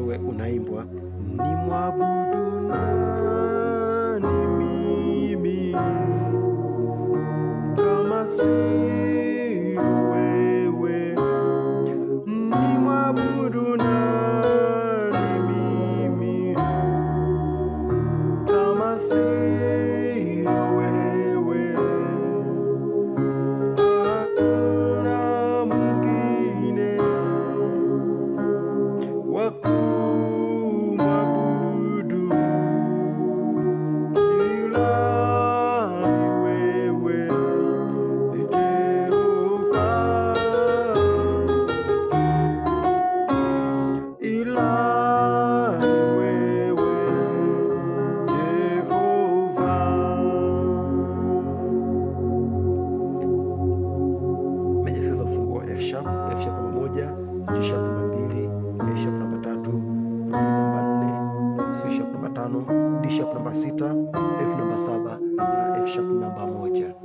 wenyewe unaimbwa ni mwabudu nani mimi kama si wewe ni mwabudu nani mimi kama si Welcome. namba sita, F namba saba na F sharp namba moja.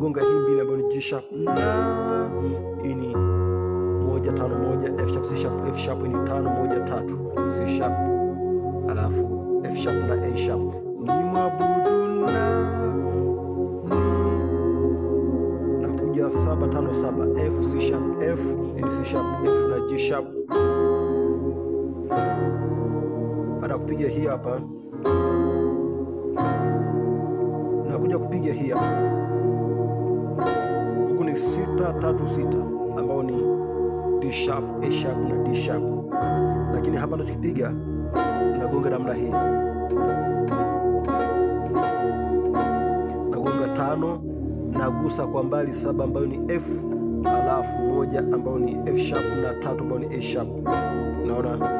kugonga hii mbili ambayo ni G sharp na hii ni moja tano moja, F sharp C sharp F sharp ni tano moja tatu C sharp alafu F sharp na A sharp ni mabudu na nakuja saba tano saba F C sharp F ni C sharp F na G sharp. Baada kupiga hii hapa nakuja kupiga hii hapa ni sita tatu sita ambao ni D sharp, A sharp na D sharp, lakini hapa nachokipiga nagonga namna hii, nagonga tano, nagusa kwa mbali saba ambayo ni F, alafu moja ambayo ni F sharp na tatu ambayo ni A sharp. Naona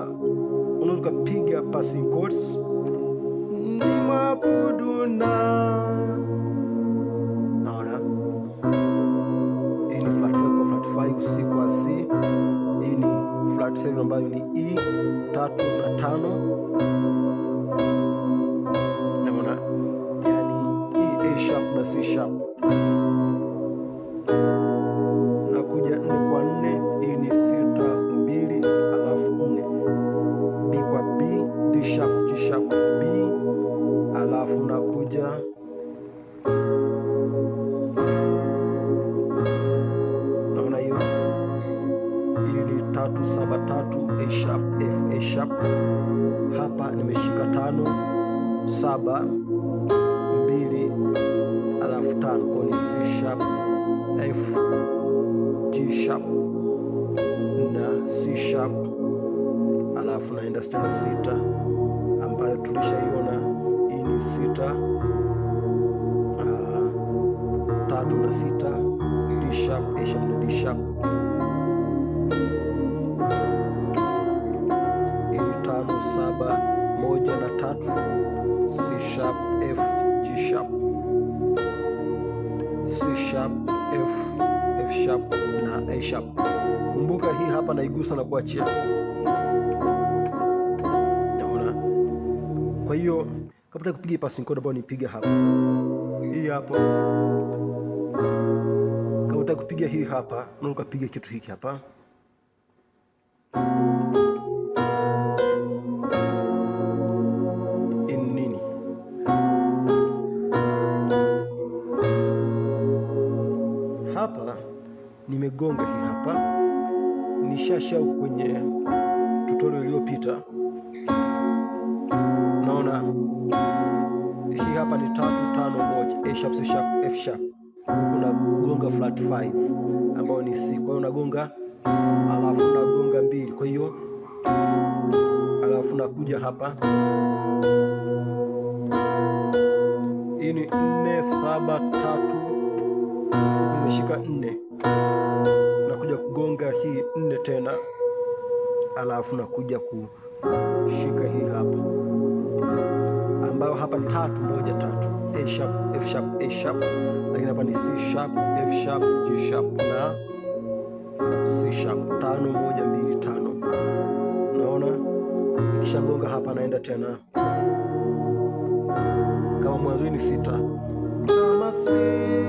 kwamba unaweza ukapiga passing chords, mwabudu na naona hii ni flat 5 kwa flat 5, si kwa C. Hii ni flat 7 ambayo ni E tatu na tano, naona yani E A sharp na C sharp saba mbili alafu tano kwa ni C sharp F G sharp na C sharp, alafu naenda stela sita ambayo tulishaiona hii ni sita uh, tatu na sita D sharp A sharp na D sharp sharp na A sharp. Kumbuka hii hapa naigusa na kuachia. Naona. Kwa hiyo kabla kupiga passing chord ambayo nipiga hapa. Hii hapo. Kabla kupiga hii hapa, unaweza kupiga kitu hiki hapa. gonga hii hapa, nishasha kwenye tutorial iliyopita. Naona hii hapa ni tatu tano moja, A sharp, C sharp, F sharp, unagonga flat 5 ambayo ni C. Kwa hiyo unagonga alafu unagonga mbili, kwa hiyo alafu nakuja hapa hii ni nne saba tatu umeshika nne, nakuja kugonga hii nne tena, alafu nakuja kushika hii hapa, ambayo hapa ni tatu moja tatu, A sharp, F sharp, A sharp, lakini hapa ni C sharp, F sharp, G sharp na C sharp. Tano moja mbili tano, unaona. Nikishagonga hapa naenda tena kama mwanzoni sita kama sita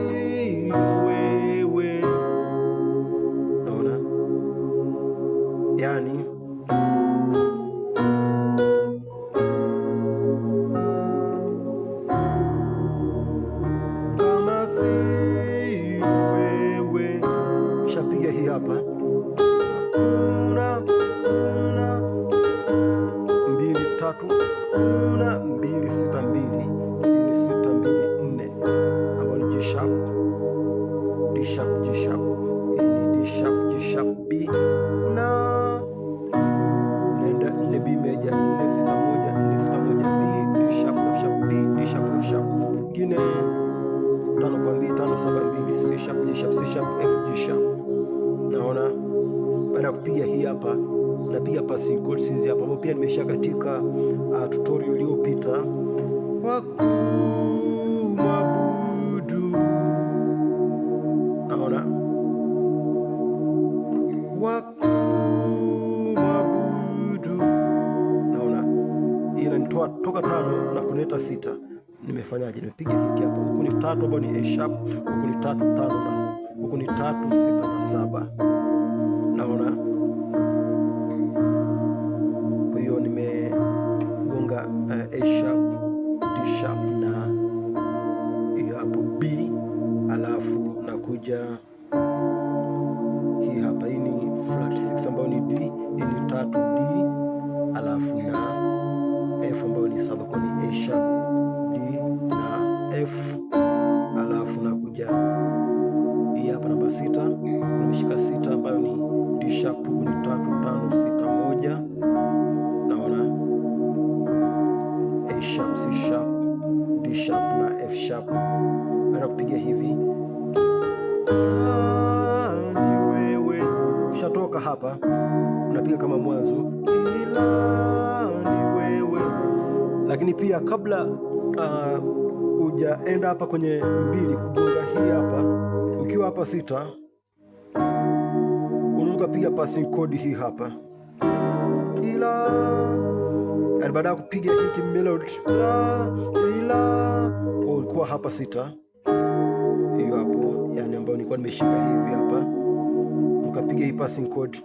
wakuabudu. Naona wakuabudu, naona inanitoa toka tano na kunileta sita. Nimefanyaje? Nimepiga hiki hapo, huku ni tatu ambayo ni A sharp, huku ni tatu tano na huku ni tatu sita na saba. Naona hiyo nimegonga uh, eh, A sharp F sharp na hiyo hapo B, alafu nakuja hii hapa, hii ni flat 6 ambayo ni D, hii ni tatu D, alafu na F ambayo ni saba, kwa ni A sharp D na F, alafu nakuja hii hapa namba sita, nimeshika sita ambayo ni D sharp, ni tatu tano sita moja, naona A sharp C sharp sharp na F sharp, kupiga hivi wewe. Ushatoka hapa, unapiga kama mwanzo, lakini pia kabla ah, hujaenda uh, hapa kwenye mbili kugonga hii hapa, ukiwa hapa sita, unaweza piga passing chord hii hapa ila na baada ya kupiga hiki melody la ulikuwa hapa sita, hiyo hapo, yani ambayo nilikuwa nimeshika hivi hapa, ukapiga hii passing chord,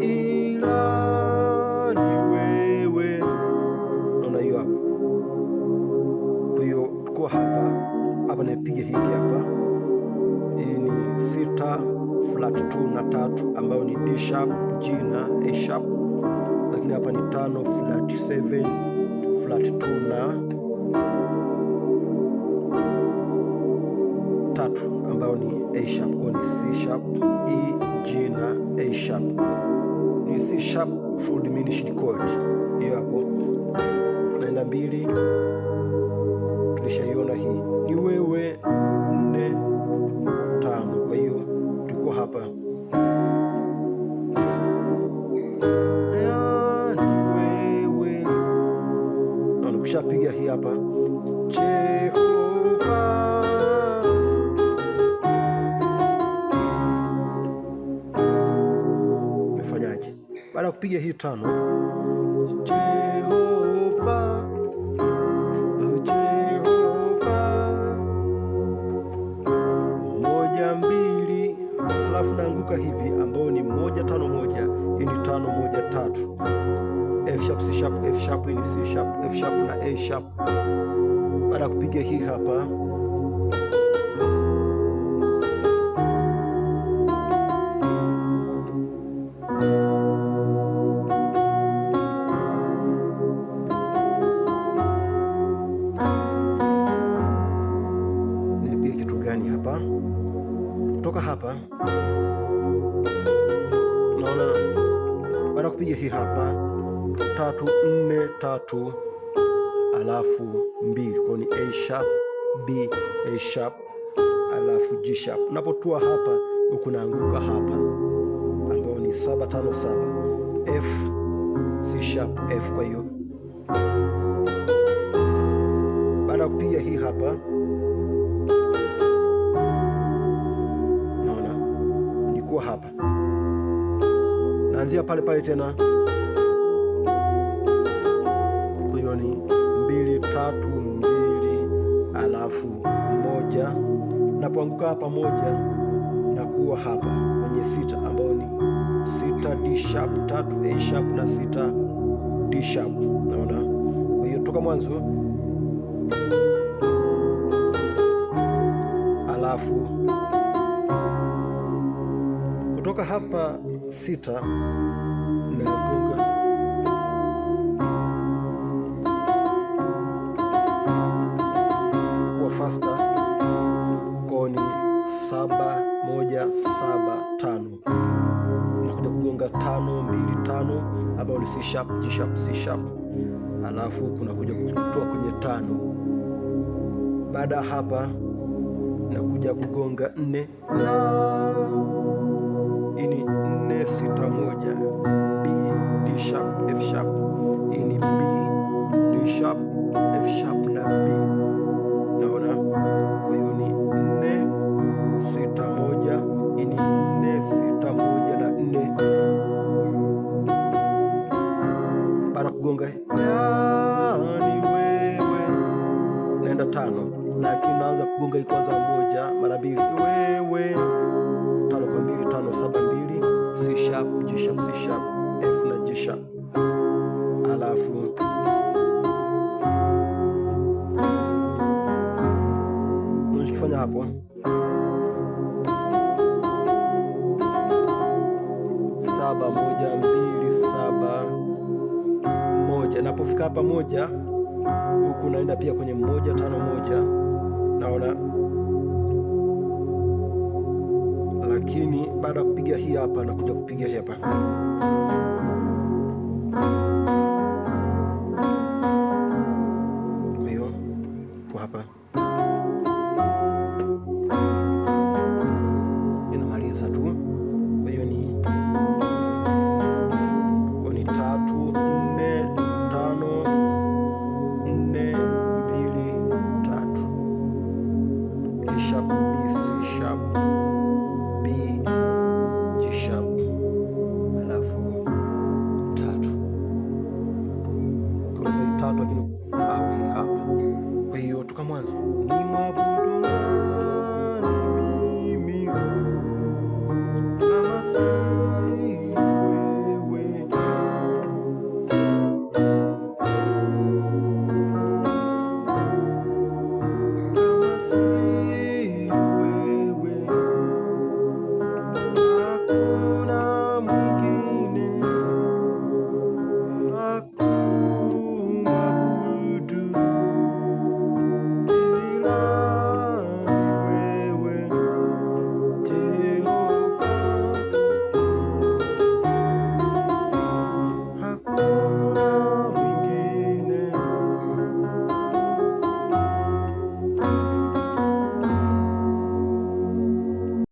ila ni wewe, naona hiyo hapo. Kwa hiyo kwa hapa hapa, nimepiga hiki hapa, hii ni sita flat 2 na tatu, ambayo ni D sharp, G na A sharp lakini hapa ni tano flat 7 flat 2 na tatu ambayo ni A sharp kwa ni C sharp, E, G na A sharp. Ni C sharp full diminished chord. Hiyo hapo. Tunaenda mbili. Tulishaiona hii. Ni wewe Nishapiga hii hapa mefanyaje? Baada ya kupiga hii tano, Jehova moja mbili, alafu naanguka hivi, ambao ni moja tano moja, hii ni tano moja tatu F sharp, C sharp, F sharp, ni C sharp, F sharp na A sharp. Baada kupiga hii hapa hapa naona baada kupiga hii hapa tatu nne tatu alafu mbili, kwa ni A sharp B A sharp alafu G sharp. Unapotua hapa ukunaanguka hapa ambao ni saba tano saba F C sharp F. Kwa hiyo baada ya kupiga hii hapa naona nikuwa hapa naanzia pale pale tena ni mbili tatu mbili alafu moja, napoanguka hapa moja na kuwa hapa kwenye sita ambayo ni sita D sharp tatu A sharp na sita D sharp. Naona, kwa hiyo toka mwanzo alafu kutoka hapa sita nilikuwa saba moja saba tano nakuja kugonga tano mbili tano, ambayo ni C sharp, G sharp, C sharp, alafu kunakuja kutoa kwenye tano. Baada ya hapa nakuja kugonga nne. ini nne sita moja, B D sharp, F sharp. Hii B D sharp, F sharp sharp, G sharp, C sharp, F na G sharp, alafu unachokifanya hapo saba moja mbili saba moja. Napofika hapa moja, huku naenda pia kwenye moja tano moja, naona lakini baada ya kupiga hii hapa kuja kupiga hii hapa kwa hiyo hapa